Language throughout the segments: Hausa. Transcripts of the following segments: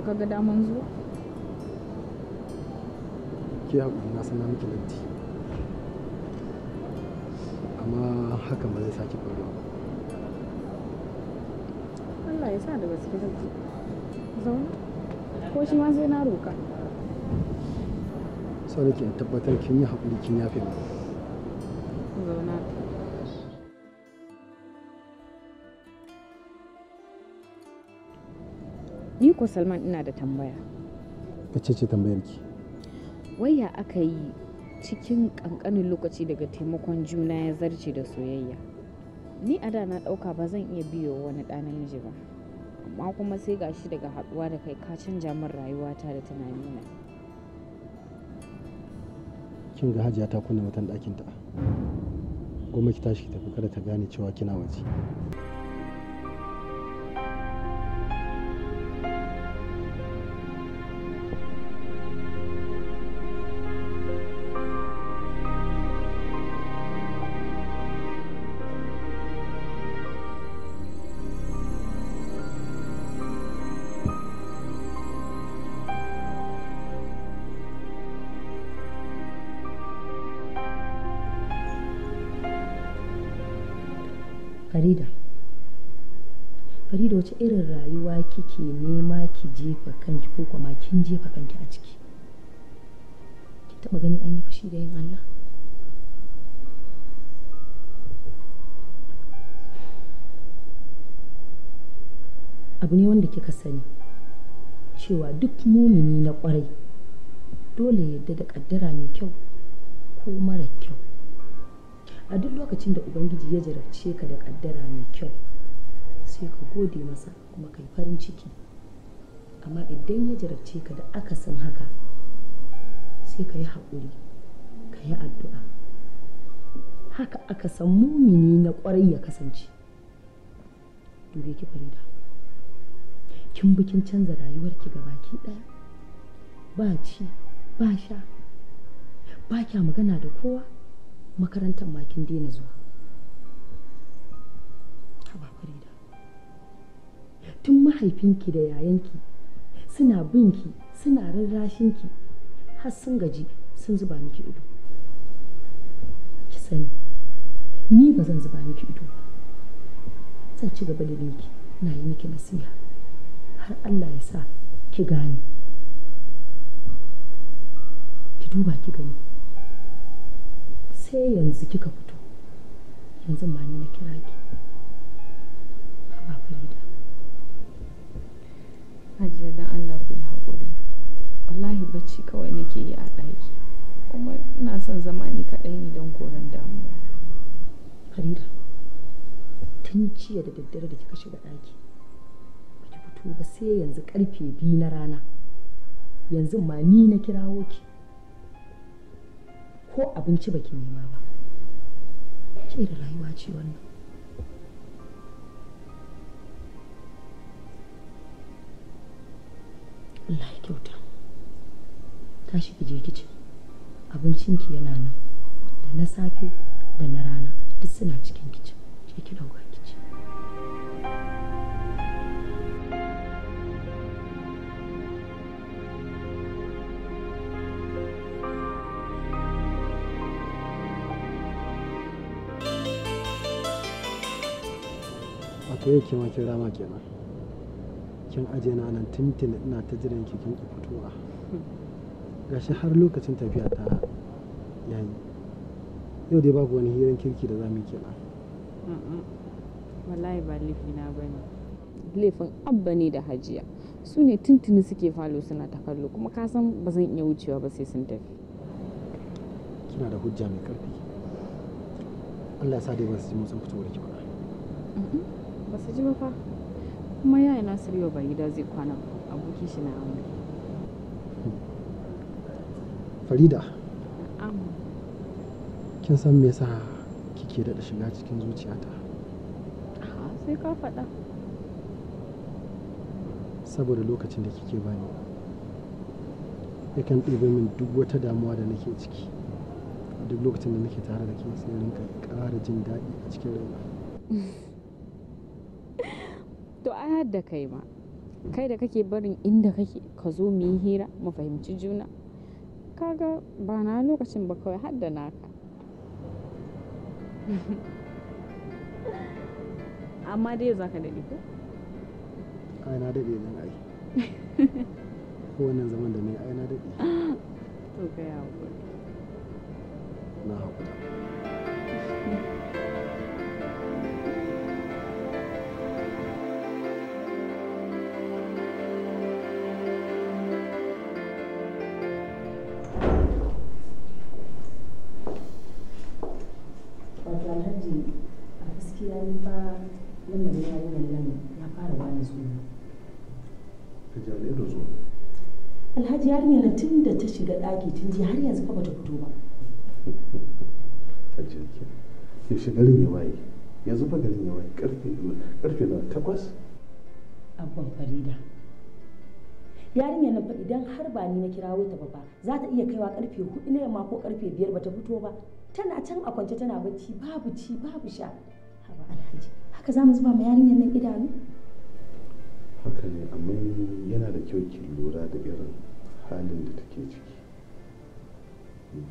da kaga daman zuwa ke haƙuri na sana miki lanti amma hakan ba zai sake faruwa ba Allah ya sa da kira gaske zaune? ko shi ma zai na roka sau ke tabbatar kin yi haƙuri kin yafe ba zaune Ni Salman ina da tambaya. Kace ce tambayar ki. Waya aka yi cikin kankanin lokaci daga taimakon juna ya zarce da soyayya. Ni a da na ɗauka ba zan iya biyo wani ɗa namiji ba. Amma kuma sai gashi daga haɗuwa da kai ka canja min rayuwata da tunanina. Kin ga Hajiya ta kunna mutan ɗakinta. Goma ki tashi ki tafi kada ta gane cewa kina waje. farida wace irin rayuwa kike nema ki jefa kanki ko kuma kin jefa kanki a ciki ki taba gani an yi fushi da yin Allah abu ne wanda kika sani cewa duk mumini na kwarai dole yadda da kaddara mai kyau ko mara kyau a duk lokacin da ubangiji ya jarabce ka da kaddara mai kyau sai ka gode masa kuma kai farin ciki amma idan ya jarabce ka da aka san haka sai ka yi haƙuri ka yi addu'a haka aka san mumini na ƙwarai ya kasance dube ki farida kin bi kin canza rayuwarki baki ɗaya ba ci ba sha ba kya magana da kowa makarantar ma kin daina zuwa tun mahaifinki da yayanki suna binki suna rarrashinki har sun gaji sun zuba miki ido ki sani ni ba zan zuba miki ido ba zan ci gaba da binki na yi miki nasiha har Allah ya sa ki gane ki duba ki gani sai yanzu kika fito yanzu ma ni na kira ki hajiya dan Allah ku yi haƙuri wallahi bacci kawai nake yi a ɗaki kuma ina son zama ni kaɗai ne don koran damuwa farida tun jiya da daddare da kika shiga ɗaki ki fito ba sai yanzu karfe biyu na rana yanzu ma ni na kirawo ki ko abinci baki nema ba ke da rayuwa ce wannan Allah ya kyauta tashi ki je kicin ki yana nan da na safe da na rana duk suna cikin kicin je ki dauka kici wato yake ma rama kenan kin aje na nan tintin ina ta jiran ki kin fitowa gashi har lokacin tafiya ta yayi yau dai babu wani hirin kirki da za mu yi kenan wallahi ba laifi na bane laifin abba ne da hajiya su ne tuntuni suke falo suna ta kallo kuma ka san ba zan iya wucewa ba sai sun tafi kina da hujja mai karfi Allah ya sa dai ba su ji mun san fitowar ki ba ba su ji ba fa kuma yaya Nasiru yau ba gida zai kwana abokin shi na aure farida kin san me yasa kike da shiga cikin zuciyata sai ka faɗa saboda lokacin da kike bani yakan ɗebe min duk wata damuwa da nake ciki duk lokacin da nake tare da ke sai ka ƙara jin daɗi a cikin raina har da kai ma kai da kake barin inda kake ka zo mu yi hira mu fahimci juna kaga ba na lokacin ba kawai har da naka amma dai za ka daɗe ko? ai na daɗe nan ai ko wannan zaman da ne ai na daɗe to ka yi na haƙuri wato alhaji a gaskiya ne ba lamarin yi nan ya fara wani suna alhaji ya yarinyar na tun da ta shiga ɗaki tun ji har yanzu fa bata fito ba ya shiga garin ya waye ya zuba garin ya waye karfe na takwas abban farida yarinyar nan fa idan har ba ni na kirawo ta ba za ta iya kaiwa karfe hudu na yamma ko karfe biyar bata fito ba tana can a kwance tana bacci babu ci babu sha haba alhaji haka za mu zuba ma yarinyar nan idanu haka ne amma yana da kyau ki lura da irin halin da take ciki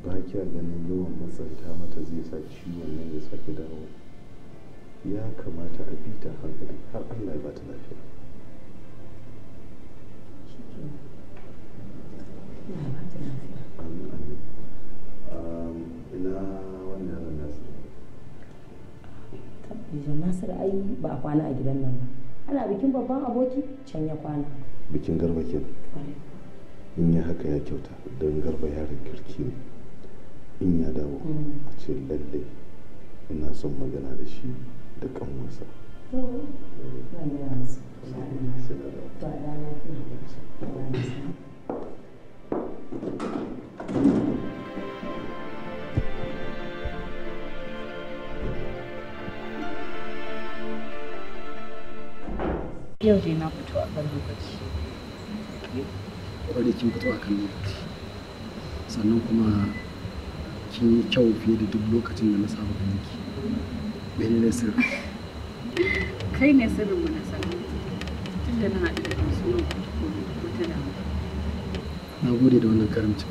ba kya ganin yawan matsanta mata zai sa ciwon nan ya sake dawo ya kamata a bi ta hankali har allah ya ba ta lafiya Nasiru ai ba a kwana a gidan nan ba. Ana bikin babban aboki can ya kwana. Bikin garba ke. In ya haka ya kyauta don garba yaron kirki ne. In ya dawo mm. a ce lalle ina son magana da shi da kanwarsa. yau dai na fito a kan lokaci kin fito a kan lokaci sannan kuma kin yi kyau fiye da duk lokacin da na saba ganin ki ne sirri kai ne sirrin na gode da wannan karamci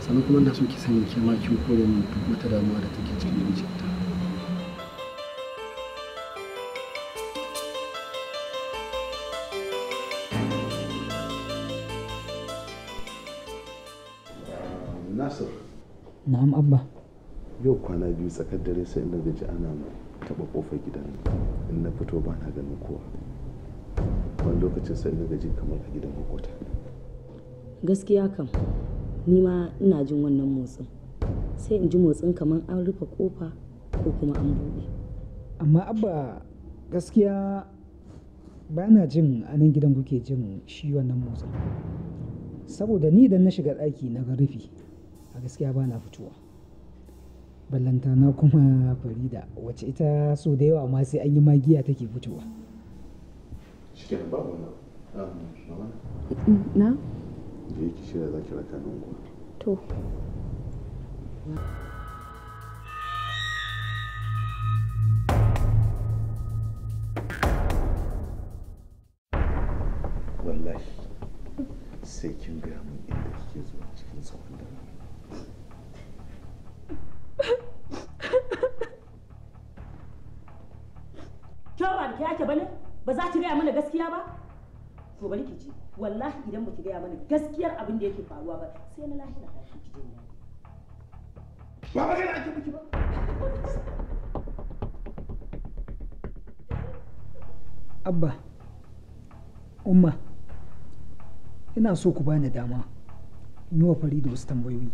sannan kuma na so ki sani ke ma kore min duk wata damuwa da take cikin zuciya kwana biyu tsakar dare sai na gaji ana taba kofar gidan in na fito ba na ganin kowa wani lokacin sai na gaji kamar a gidan makota gaskiya kam ni ma ina jin wannan motsin sai in ji motsin kamar an rufe kofa ko kuma an buɗe amma abba gaskiya ba na jin a nan gidan kuke jin shi wannan motsin saboda ni idan na shiga ɗaki na ga rufi a gaskiya ba na fitowa ballantana kuma farida wacce ita so da yawa ma sai an yi magiya take fitowa ah, mm, na? da yake shirya za ki raka nan to wallahi sai kin gaya min inda kike zuwa cikin tsawon da to bari ki ji wallahi idan baki gaya mana gaskiyar abin da yake faruwa ba sai na lahira ta ki jin ba ba abba umma ina so ku bani dama nuwa fari da wasu tambayoyi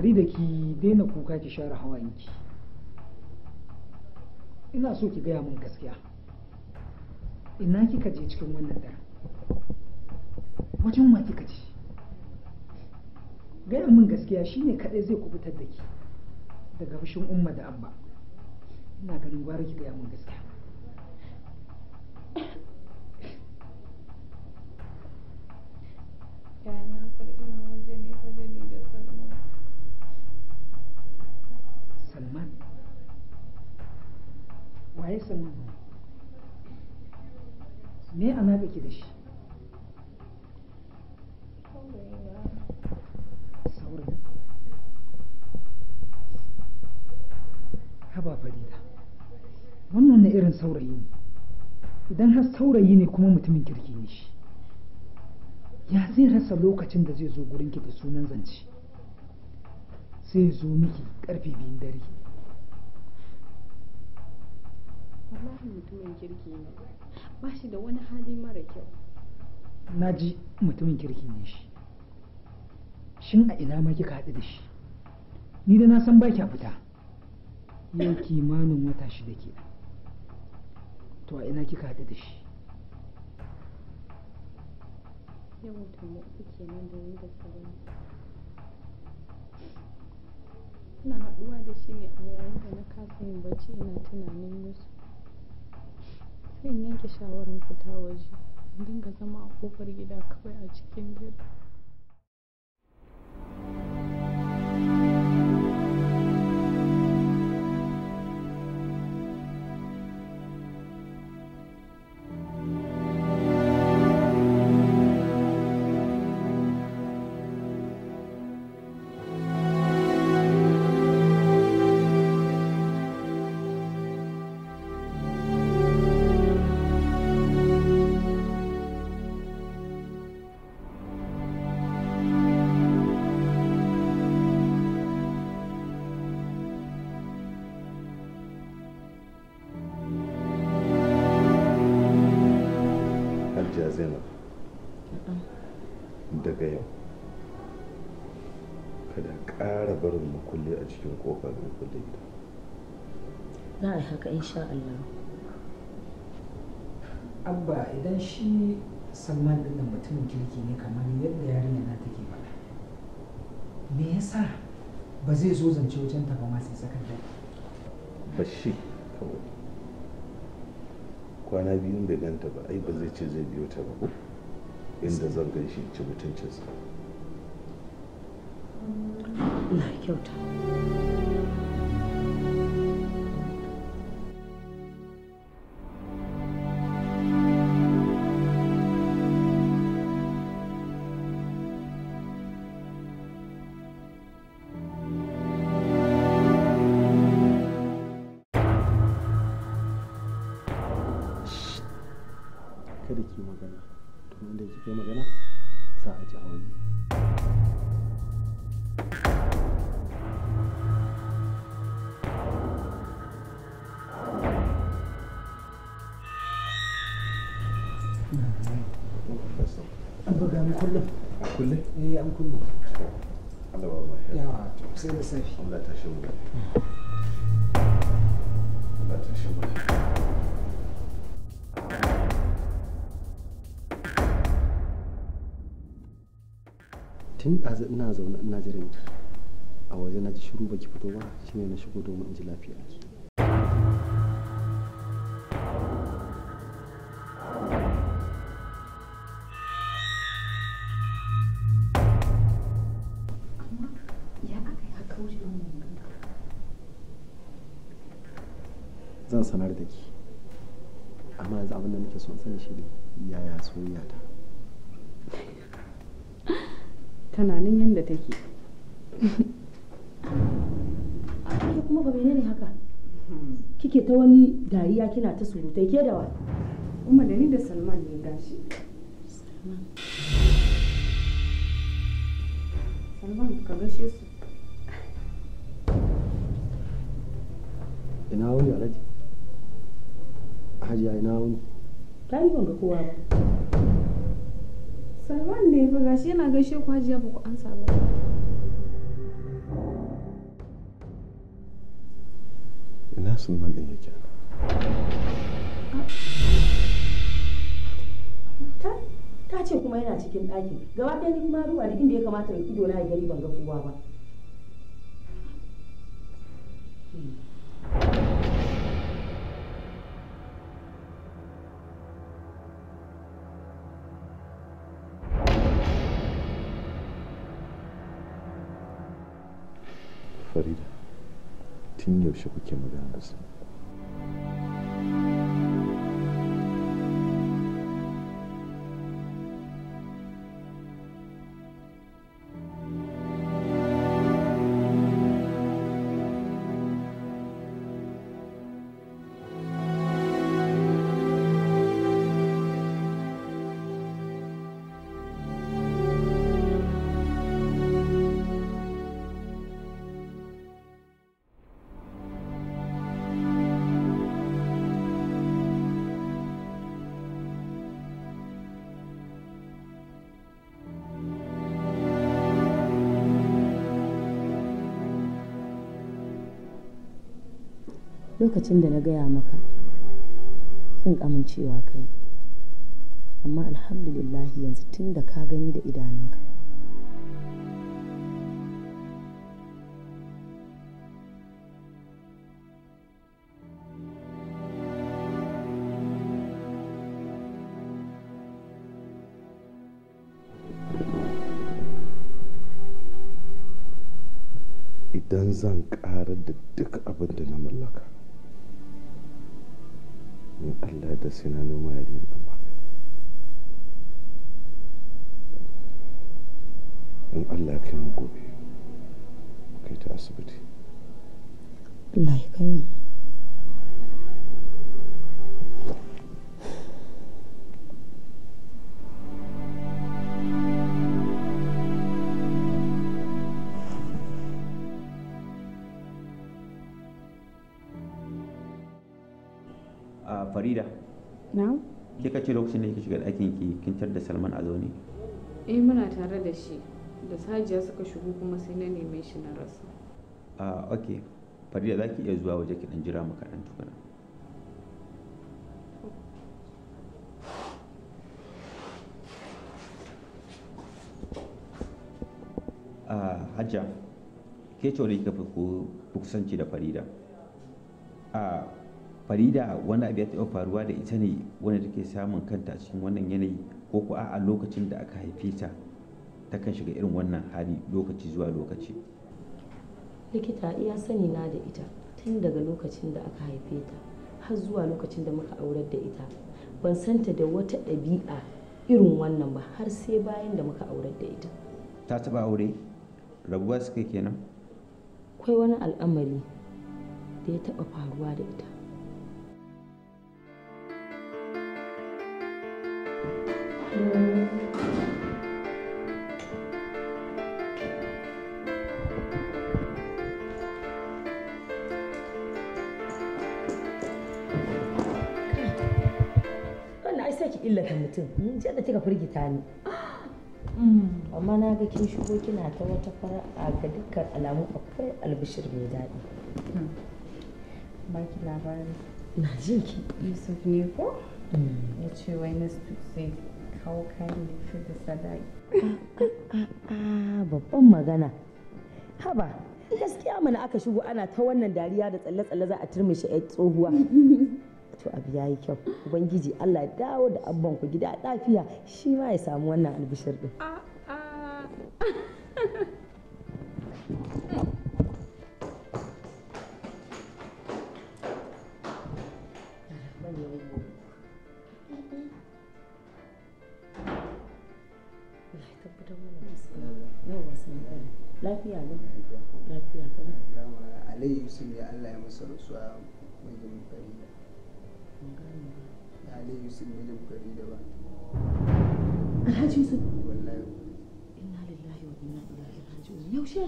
da ki daina kuka ki share hawayenki ina so ki gaya min gaskiya ina kika je cikin wannan dare wajen wa kika je gaya min gaskiya shine kadai zai kubutar da ki daga fushin umma da abba ina ganin gwara ki gaya min gaskiya waye sallan me alaƙa ki da shi haba farida wannan na irin saurayi idan har saurayi ne kuma mutumin kirki ne shi ya zai rasa lokacin da zai zo gurinki da sunan zance sai zo miki karfe biyun dare wallahi mutumin kirki ne ba shi da wani hali mara kyau na ji mutumin kirki ne shi shin a ina ma kika haɗu da shi ni da na san ba kya fita yau kimanin wata shida ke to a ina kika haɗu da shi yau mutum uku nan da ni da sauran ina haɗuwa da shi ne a yayin da na kasa yin bacci ina tunanin musu zan yanke shawarar fita waje in dinga zama a ƙofar gida kawai a cikin dare insha Allah abba idan shi sannan din da mutumin kirki ne kamar yadda yarinya na take faɗa me yasa ba zai zo zance wajen ta ba ma sai sakar da ba shi kwana biyun bai ganta ba ai ba zai ce zai biyo ta ba inda zan gan shi ci mutuncinsa na kyauta kullum a kullum eh an kullum Allah ba to sai da Allah ta tun ina zaune ina jiran a waje na ji shiru baki fito ba shine na shigo domin in ji lafiya zan sanar da ke amma yanzu abin da nake son sani shi ne yaya soyayya ta tana nan yadda take ke kuma ba ne haka hmm. kike ta wani dariya kina ta surutai ke da wa kuma da ni da salman ne gashi salman ka gashe su ina wani alaji ai ga kowa ba Salman ne ba gashi yana gaishe shi hajiya ya ku an ba ina Salman din yake ta ta ce kuma yana cikin ɗakin gaba ɗaya ni kuma ruwa da inda ya kamata ido na gari ban ga kowa ba не вообще bu kemiğe gelmesin. lokacin da na gaya maka kin amincewa kai amma alhamdulillah yanzu tun da ka gani da idanunka idan zan ƙara da duk abin da na mallaka in allah da sai na noma yariyan dan baka in allah kai mu gobe kai ta asibiti allah ya kai mu ce lokacin da kike shiga ɗakin ki kin da Salman a zaune? Eh muna tare da shi. Da sajiya suka shigo kuma sai na neme shi na rasa. Ah okay. Farida za ki iya zuwa waje ki dan jira mu kaɗan tukuna. Ah Hajja, ke ce wani kika fi kusanci da Farida? Ah farida wani abu ya taɓa faruwa da ita ne wanda take samun kanta cikin wannan yanayi ko ku a lokacin da aka haife ta takan shiga irin wannan hali lokaci zuwa lokaci likita iya sani na da ita tun daga lokacin da aka haife ta har zuwa lokacin da muka aurar da ita ban santa da wata ɗabi'a irin wannan ba har sai bayan da muka aurar da ita ta taɓa aure rabuwa suka kenan akwai wani al'amari da ya taɓa faruwa da ita illata mutum hmm, sai da kika firgita ni amma na ga kin shigo kina ta wata fara'a ga dukkan alamu akwai albishir mai daɗi hmm. baki na jinki yusuf ne ko hmm. ya ce wai na sai kawo kayan lefe da sadaki babban magana haba gaskiya mana aka shigo ana ta wannan dariya da tsalle-tsalle za a turmushe ya tsohuwa to abu ya yi kyau ubangiji allah dawo da abban ku gida lafiya shi ma ya samu wannan albishir din maisar su a mijin farida na ali yusuf mijin farida ba alhaji yusuf wallahi inna lillahi wa inna ilaihi raji'un yaushe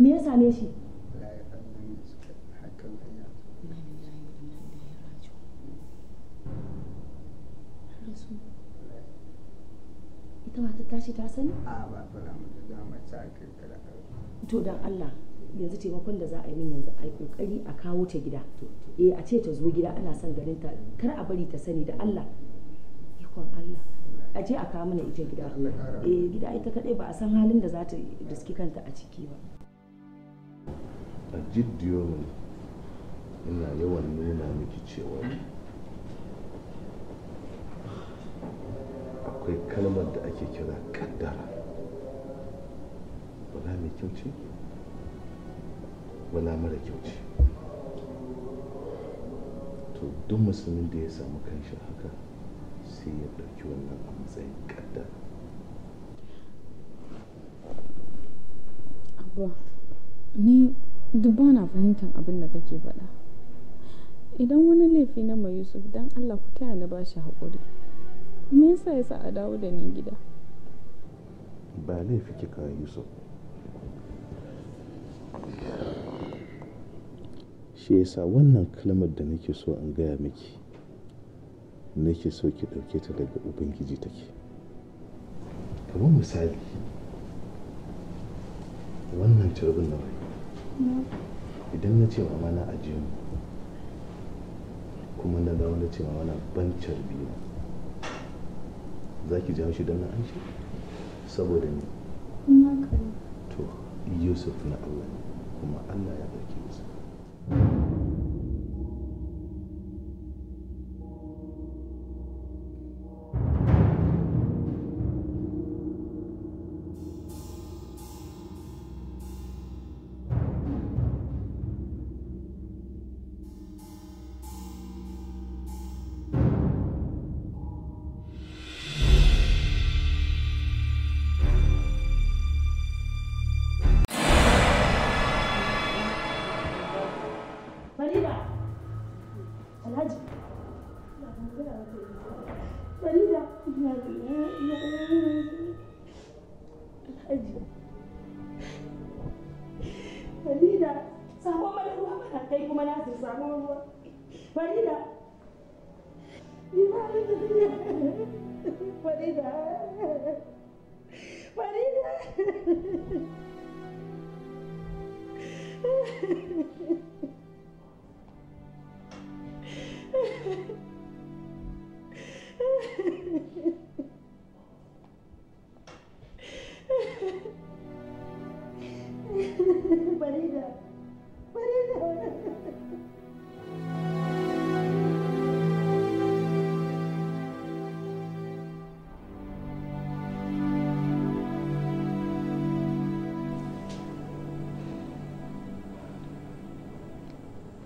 me ya same shi ita ma ta tashi ta sani? a ba fara mu da dama ta kirkira to dan Allah yanzu taimakon da za a yi min yanzu a yi kokari a kawo ta gida eh a ce ta zo gida ana son ganin ta kar a bari ta sani da Allah ikon Allah a je a kawo mana ita gida eh gida ita kadai ba a san halin da za ta riski kanta a ciki ba a jiddiyo ina yawan nuna miki cewa akwai kalmar da ake kira kaddara wala mai kyau ce wala mara kyau ce to duk musulmin da ya samu kanshi haka sai ya ɗauki wannan a matsayin ƙaddara abuwa ni duk ba na fahimtar abin da kake faɗa idan wani laifi na mai yusuf don allah ku taya na bashi haƙuri me yasa ya sa a dawo da ni gida ba laifi kika yusuf shi yasa wannan kalmar da nake so in gaya miki nake so ki ɗauke ta daga ubangiji take kamar misali wannan turbin na idan na ce mama mana ajiye kuma na dawo na ce ma ban carbi za ki jawo shi don na an shi saboda ne to yusuf na allah kuma allah ya ɗauki yusuf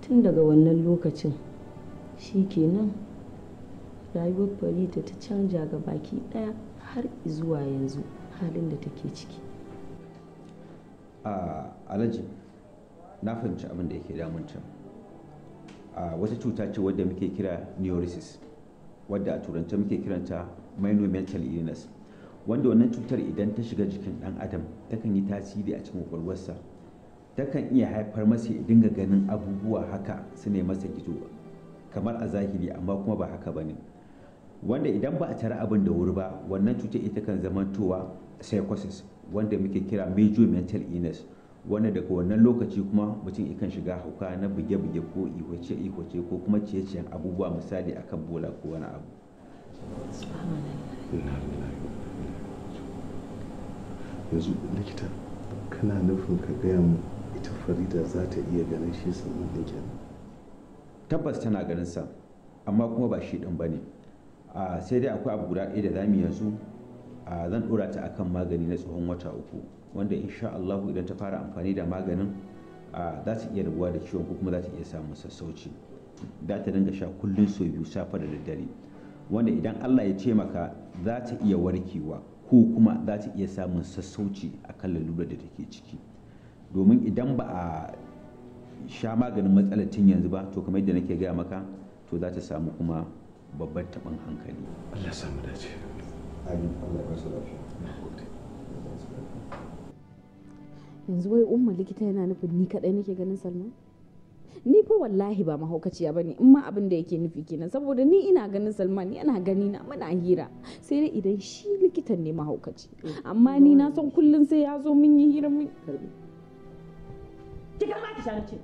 tun daga wannan lokacin shi kenan rayuwar farita ta canja ga baki ɗaya har zuwa yanzu halin da take ciki a alaji na fahimci abin da yake damun can a wata cuta ce wadda muke kira neurosis wadda a turance muke kiranta mental illness wanda wannan cutar idan ta shiga jikin dan adam takan yi tasiri a cikin kwakwalwarsa takan iya haifar masa ya dinga ganin abubuwa haka su ne masa gizo kamar a zahiri amma kuma ba haka ba ne wanda idan ba a tara abin da wuri ba wannan cutar ita kan zamantowa psychosis wanda muke kira major mental illness wanda daga wannan lokaci kuma mutum ikan shiga hauka na buge-buge ko ihoce ihoce ko kuma ciye-ciyen abubuwa misali akan bola ko wani abu yanzu likita kana nufin ka gaya mu ita farida za ta iya ganin shi sannan kenan tabbas tana ganin sa amma kuma ba shi din bane ne sai dai akwai abu guda ɗaya da zamu yanzu zan dora ta akan magani na tsohon wata uku wanda insha Allah idan ta fara amfani da maganin za ta iya rabuwa da ciwon ko kuma za ta iya samun sassauci za ta dinga sha kullun sau biyu safe da daddare wanda idan Allah ya ce maka za ta iya warkewa ko kuma za ta iya samun sassauci akan lalurar da take ciki domin idan ba a sha maganin matsalar tun yanzu ba to kamar da nake gaya maka to za ta samu kuma babbar taɓin hankali Allah samu dace yanzu wai umma likita yana nufin ni kadai nake ganin salman ni fa wallahi ba mahaukaci mahaukaciya bane in ma abin da yake nufi kenan saboda ni ina ganin salman yana gani na muna hira sai dai idan shi likitan ne mahaukaci eh. amma ni na san kullum sai ya zo min yi hira min ki ga ma ki sha ce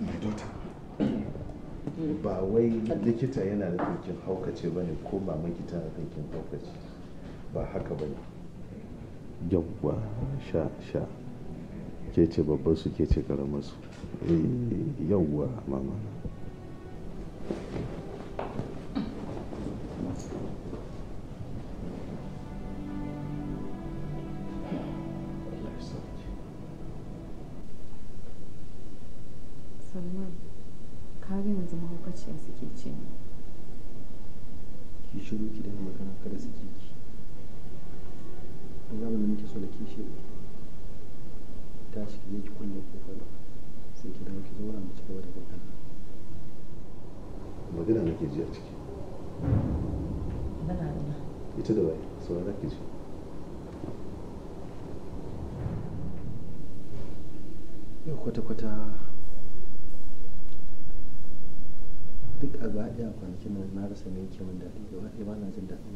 my daughter ba wai likita yana da kin haukace bane ko mamaki tana da kin haukace ba haka bane yawwa sha sha ke ce babban su ke ce karamar su eh, yawwa mama ce ne ki shiru ki daina magana kada su ki an gaba da muke so da kishi tashi ki je ki kulle kofar sai ki dawo ki zauna mu ci gaba da magana magana nake ji a ciki magana ita da waye saurara ki ji yau kwata-kwata gaba ɗaya kwanakin nan na rasa me yake min daɗi gaba ɗaya ba na jin daɗin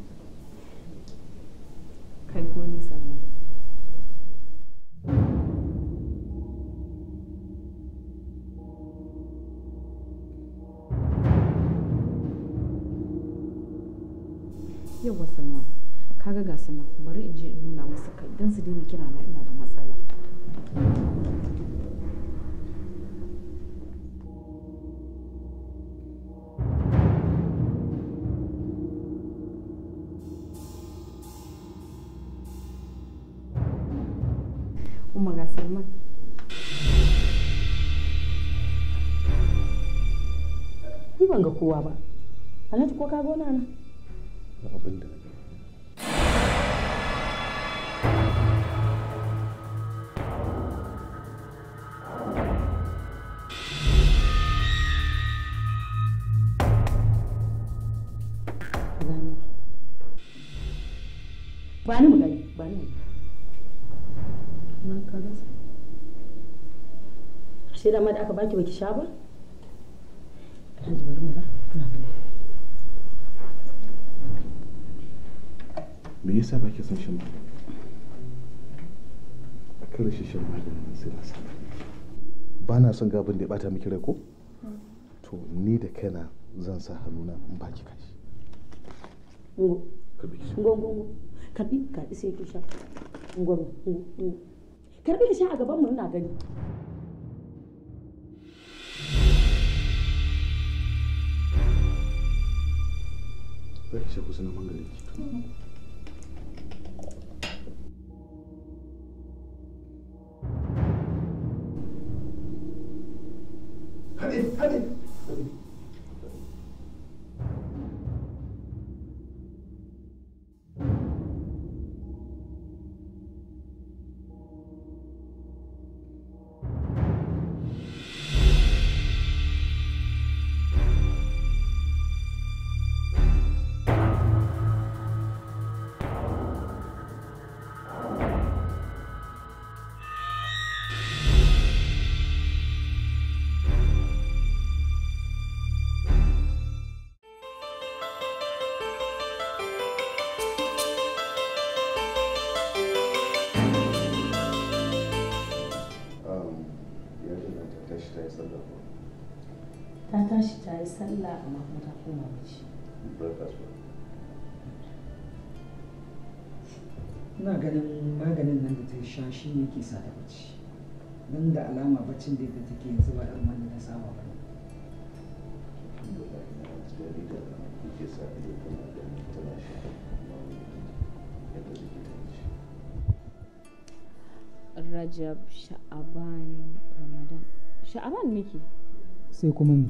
Salman. Ni ban ga kowa ba. Alhaji ko ka gona sai dama da aka baki baki sha ba alhaji bari mu ba me yasa ba ke son shan ba a kan rashin shan maganin nan sai na san ba na son gabin da ya bata miki rai ko to ni da kaina zan sa hannuna in ba ki kashi ngo Ngo ngo Kabi ka isa ki sha Ngo ngo. karbi ki sha a gaban mu ina gani Weisha kusa na mangali kitu. Hadi, hadi. yi sallah amma kuma ta koma mace ina ganin maganin nan da ta sha shi ne ke sa ta bacci nan da alama baccin da ta take yanzu ba ɗan wanda ta saba ba ne Rajab Sha'aban Ramadan Sha'aban miki sai kuma ni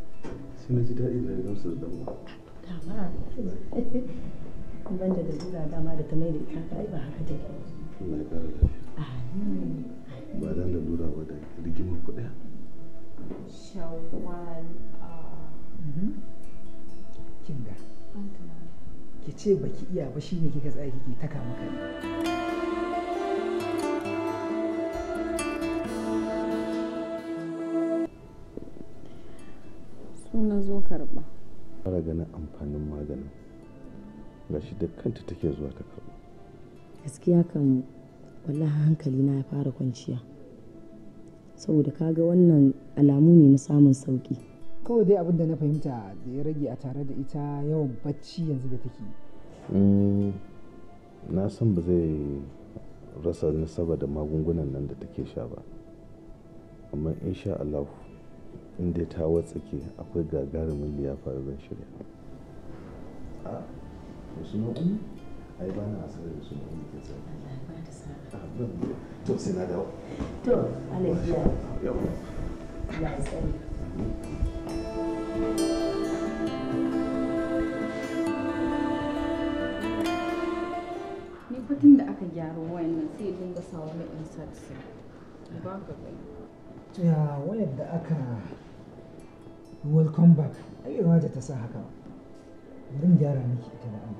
sai na ji daɗi da da dama ban da dama da ta mai da ita ba haka take ba dan ba da rigimar shawwal ah. mhm. kinga ki ce baki iya ba ne kika tsaya kike taka maka su na zo karba fara ganin amfanin maganin shi da kanta take zuwa ta karba gaskiya kan wallahi hankali na ya fara kwanciya saboda kaga wannan alamu ne na samun sauki kawai dai abin da na fahimta da ya rage a tare da ita yawan bacci yanzu da take mm, na san ba zai rasa nasaba da magungunan nan da take sha ba amma insha Allah inda ta watsake akwai gagarumin ya faru zan shirya a ah, da wasu nau'in ai ba na asarar da suna na ke kitsa ah, to sai na dawo to alaikiya yau ya tsari ni kudin da aka gyaro wayan nan sai dinga sawa na insert sai ba ka gani ya wayar da aka welcome back ai da ta sa haka bari gyara miki ita da amma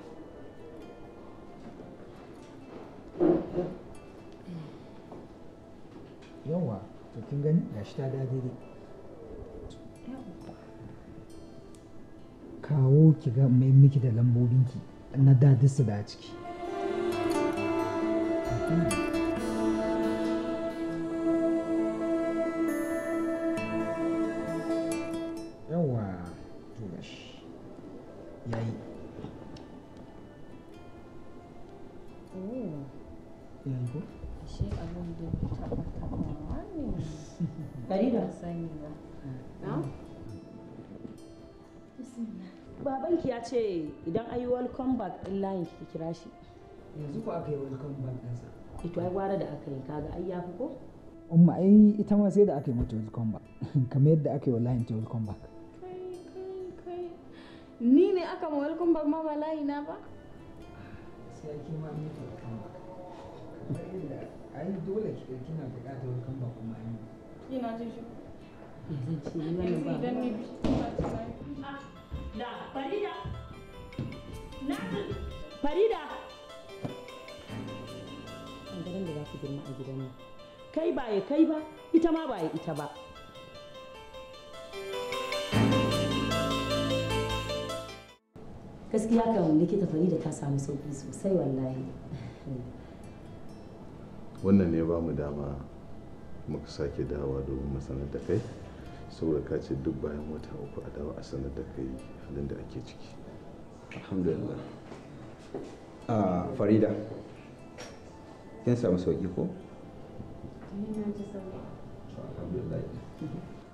yawa to kin gani gashi ta dade dai kawo ki ga mai miki da lambobinki na dadinsu da a ciki Thank you. ba ɗin layin kira shi yanzu ko aka yi wani kan ban ito eh, ai gwara da aka yi kaga ai ya fi ko umma ai ita ma sai da aka yi mata welcome back kamar yadda aka yi wa layin ta welcome back ni ne aka ma welcome back ma ba layi na ba sai ma ni welcome back ai dole ki kina buƙatar welcome back kuma ai kina jin shi zan ce farida Farida! An garin da za a gidan Kai ba kai ba, ita ma ba ya ita ba. Gaskiya kan likita Farida ta samu sauƙi sosai wallahi. Wannan ne ba mu dama muka sake dawa domin mu sanar da kai saboda ka ce duk bayan wata uku a dawa a sanar da kai halin da ake ciki. alhamdulillah ah farida kin samu sauki ko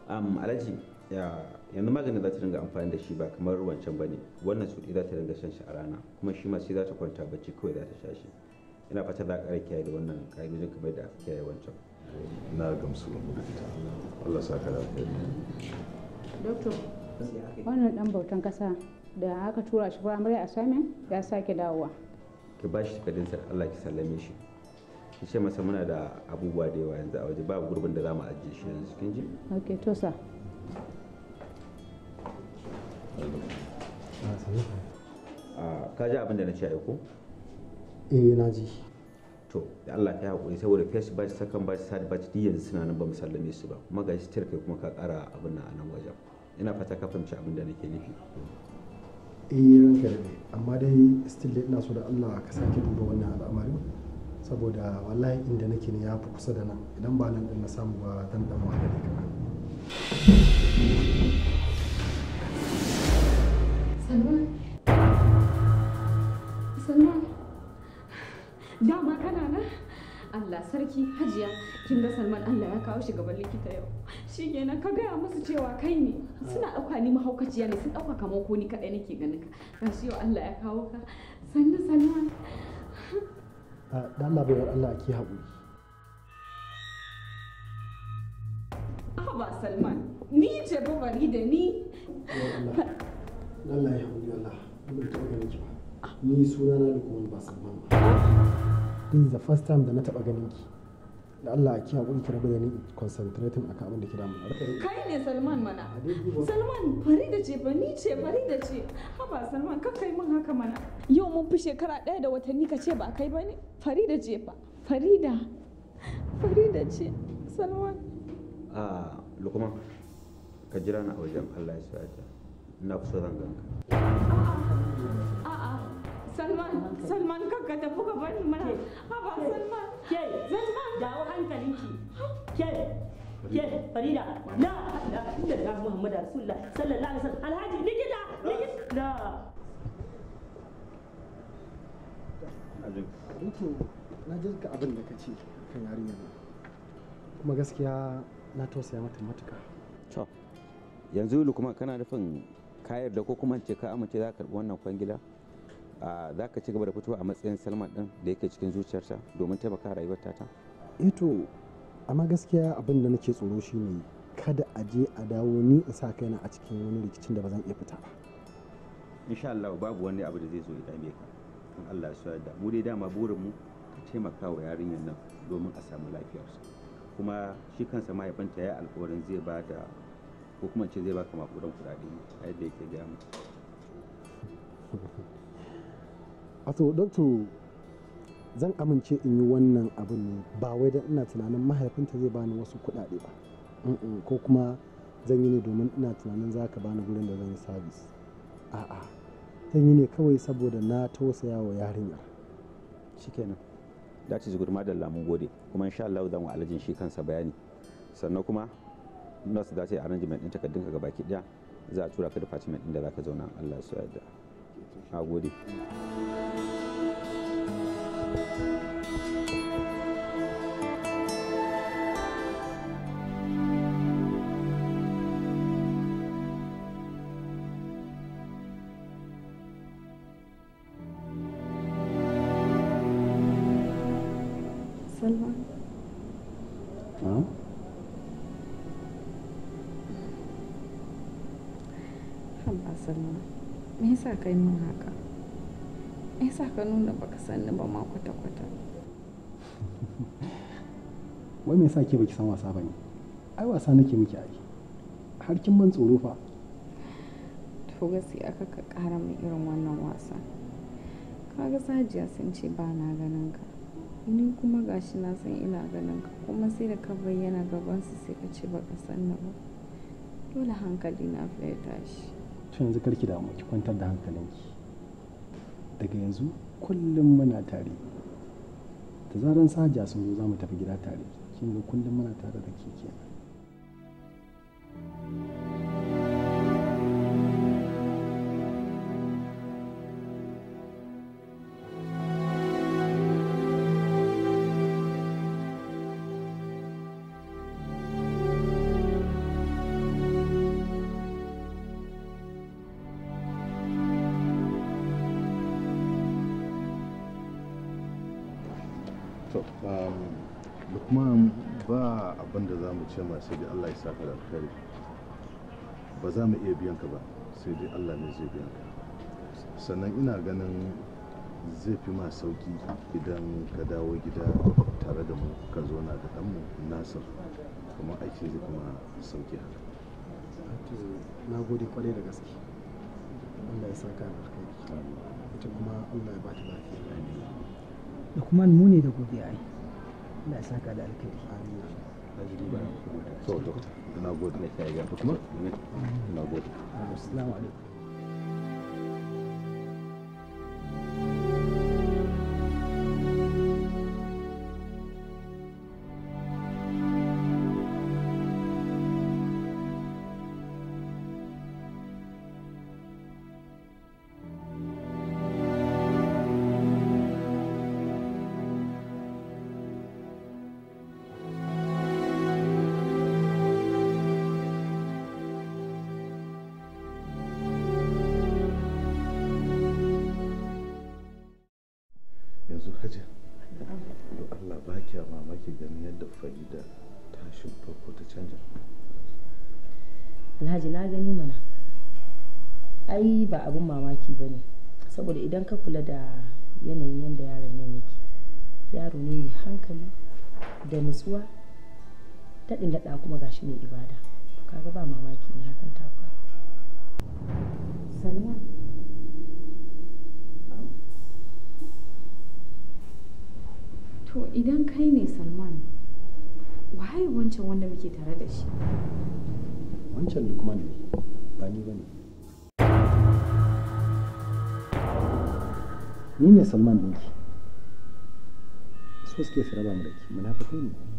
um, alhaji ya yanzu maganin za ta dinga amfani da shi ba kamar ruwancan ba ne wannan su za ta dinga shan shi a rana kuma shi ma sai za ta kwanta bacci kawai za ta sha shi ina fata za ka kiyaye da wannan ka'idojin kamar da aka kiyaye wancan na gamsu da likita Allah sa ka lafiya wannan dan bautan kasa da aka tura shi firamare samin ya sake dawowa ki ba shi da Allah ki sallame shi ki ce masa muna da abubuwa da yawa yanzu a waje babu gurbin da za mu ajiye shi yanzu kin ji okay to sa ka ji abin da na ce aiko eh na ji to da Allah ka haƙuri saboda first batch second batch third batch duk yanzu suna nan ba mu sallame su ba kuma ga shi kai kuma ka kara abin nan a nan wajen ina fata ka fahimci abin da nake nufi eh ranka amma dai still ina so da allah ka sake duba wannan al'amarin saboda wallahi inda nake ne ya fi kusa da nan idan ba nan din na samu ba dan wahala ne Allah sarki hajiya kin ga Salman Allah ya kawo shi gaban likita yau shi kenan ka gaya musu cewa kai ne suna ɗauka ni mahaukaciya ne sun ɗauka kamar ko ni kaɗai nake ganin ka ga shi yau Allah ya kawo ka sannu Salman a ah, dan Allah bai Allah ki haƙuri ba Salman ni ce bari da ni Allah ya haƙuri Allah ba ta ga ni ba ni sunana da kuma ba Salman ba this is the first time da na taba ganin ki da Allah ki hakuri ki rabu da ni concentrating akan abin da ke damu kai ne Salman mana Salman Farida ce ba ni ce Farida ce haba Salman kan kai mun haka mana yau mun fi shekara ɗaya da watanni ka ce ba kai ba ne Farida ce fa Farida Farida ce Salman a Lukman ka jira na a wajen Allah ya sa ta ina kusa zan ganka Salman, Salman kakka tafi ka bani mana. Haba Salman. Ke, Salman. Dawo hankalinki. Ke, ke Farida. na la, la Muhammad Rasulullah sallallahu alaihi wasallam. Alhaji likita, likita. na jirka abin da ka ce kan yarinya nan. Kuma gaskiya na tausaya mata matuka. To, yanzu Lukman kana nufin kayar da ko kuma ce ka amince za ka karɓi wannan kwangila? za ka ci gaba da fitowa a matsayin salman din da yake cikin zuciyarta domin taimaka rayuwar ta ito eh amma gaskiya abin da nake tsoro shi shine kada a je a dawo ni in sa kaina a cikin wani rikicin da ba zan iya fita ba insha Allah babu wani abu da zai zo ya dame ka in Allah ya yarda mu dai dama burin mu ka taimaka wa yarinyar nan domin a samu lafiyarsa kuma shi kansa mahaifinta ya alkawarin zai ba da ko kuma ce zai baka makudan kuɗaɗe a yadda yake gaya mu wato doctor zan amince in yi wannan abin ne ba wai don ina tunanin mahaifinta zai bani wasu kuɗaɗe ba ko kuma zan yi ne domin ina tunanin za ka bani gurin da zan yi sabis a'a zan yi ne kawai saboda na tausaya wa yarinyar shikenan dace zugur da lamun gode kuma insha Allah zan wa alajin shi kansa bayani sannan kuma nurse za ta yi arrangement din takardunka gabaki daya za a tura ka department din da za ka zauna Allah sa yarda a gode aka yi min haka ai sa ka nuna baka sanni ba ma kwata-kwata wai me yasa ke baki san wasa bane ai wasa nake miki ai har kin ban tsoro fa to gaskiya aka ka kara min irin wannan wasa kaga sajiya sun ce ba na ganin ka ni kuma gashi na san ina ganin ka kuma sai da ka bayyana gaban su sai ka ce baka sanni ba dole hankali na fiye tashi to yanzu karki damu ki kwantar da hankalinki daga yanzu kullum muna tare da zaran saja sun zo za mu tafi gida tare kin ga kullum muna tare da ke kenan ce ma sai dai Allah ya saka da alkhairi ba za mu iya biyan ka ba sai dai Allah ne zai biyan ka sannan ina ganin zai fi ma sauki idan ka dawo gida tare da mu ka zo na da ɗanmu nasir kuma aiki zai kuma sauki haka na gode kwarai da gaske Allah ya saka da alkhairi ita kuma Allah ya ba ta lafiya da kuma mu ne da godiya ai Allah ya saka da alkhairi amin na gode na gode ai ba abin mamaki ba ne saboda idan ka kula da yanayin yadda yaron nan yake yaro ne mai hankali da nutsuwa ta daɗa kuma gashi mai ibada to kaga ba mamaki ne hakan ta faru salma to idan kai ne salman waye wancan wanda muke tare da shi wancan lukman ne ba ni ba ne ni ne salman dinki so suke su mulki mu munafukai ne